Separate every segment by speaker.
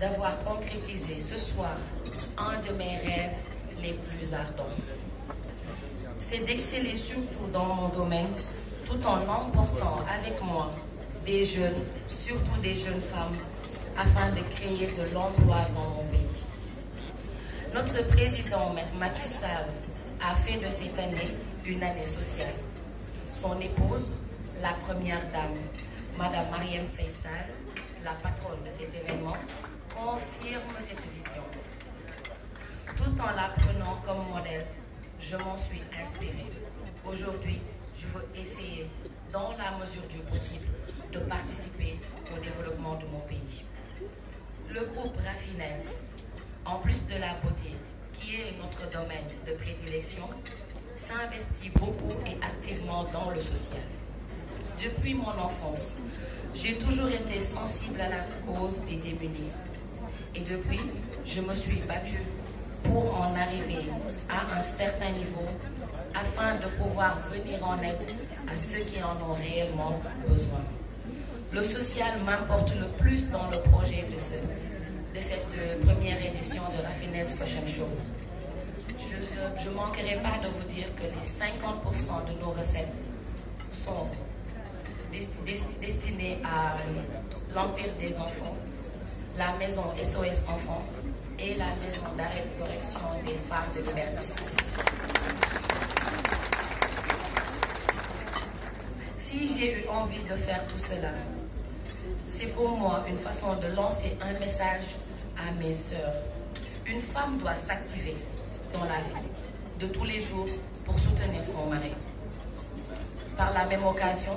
Speaker 1: d'avoir concrétisé ce soir un de mes rêves les plus ardents. C'est d'exceller surtout dans mon domaine tout en emportant avec moi des jeunes, surtout des jeunes femmes, afin de créer de l'emploi dans mon pays. Notre président, Macky Sall, a fait de cette année une année sociale. Son épouse, la première dame, Madame Mariam Faisal, la patronne de cet événement, confirme cette vision. Tout en la prenant comme modèle, je m'en suis inspirée. Aujourd'hui, je veux essayer, dans la mesure du possible, de participer au développement de mon pays. Le groupe Raffines en plus de la beauté, qui est notre domaine de prédilection, s'investit beaucoup et activement dans le social. Depuis mon enfance, j'ai toujours été sensible à la cause des démunis. Et depuis, je me suis battue pour en arriver à un certain niveau afin de pouvoir venir en aide à ceux qui en ont réellement besoin. Le social m'importe le plus dans le projet de, ce, de cette première édition de la Finesse Fashion Show. Je ne manquerai pas de vous dire que les 50% de nos recettes sont destinée à l'Empire euh, des enfants, la maison SOS Enfants et la maison d'arrêt de correction des femmes de Liberticis. Si j'ai eu envie de faire tout cela, c'est pour moi une façon de lancer un message à mes sœurs. Une femme doit s'activer dans la vie de tous les jours pour soutenir son mari. Par la même occasion,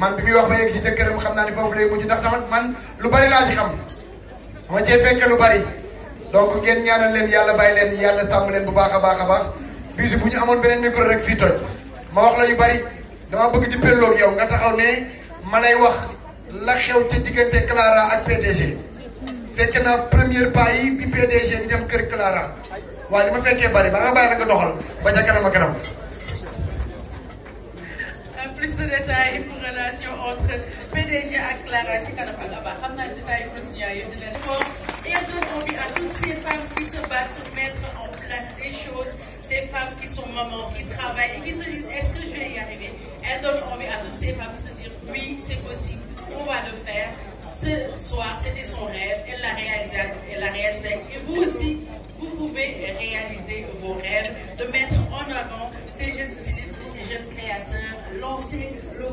Speaker 2: man bi muy wax ba yegg ci jëkkëram xam na ni fofu lay mujj ndax tamit man lu bari la ci xam ma cee fekk lu bari donc ngeen ñaanal leen yalla bay leen yalla sam leen bu baaxa baaxa baax bisu buñu ñu benen micro rek fi toj ma wax la yu bari dama bëgg di ak yow nga taxaw ne manay wax la xew ci digënté Clara ak PDG fekk na premier pas yi bi PDG dem kër Clara wa li ma bari ba nga bay la nga doxal ba ca kanam ak kanam
Speaker 3: plus de détails pour relation entre PDG et Clara Chikanapalaba. Et Elle donne envie à toutes ces femmes qui se battent pour mettre en place des choses ces femmes qui sont mamans qui travaillent et qui se disent est-ce que je vais y arriver Elle donne envie à toutes ces femmes de se dire oui c'est possible on va le faire ce soir c'était son rêve elle l'a réalisé elle l'a réalisé et vous aussi vous pouvez réaliser vos rêves de mettre lancer le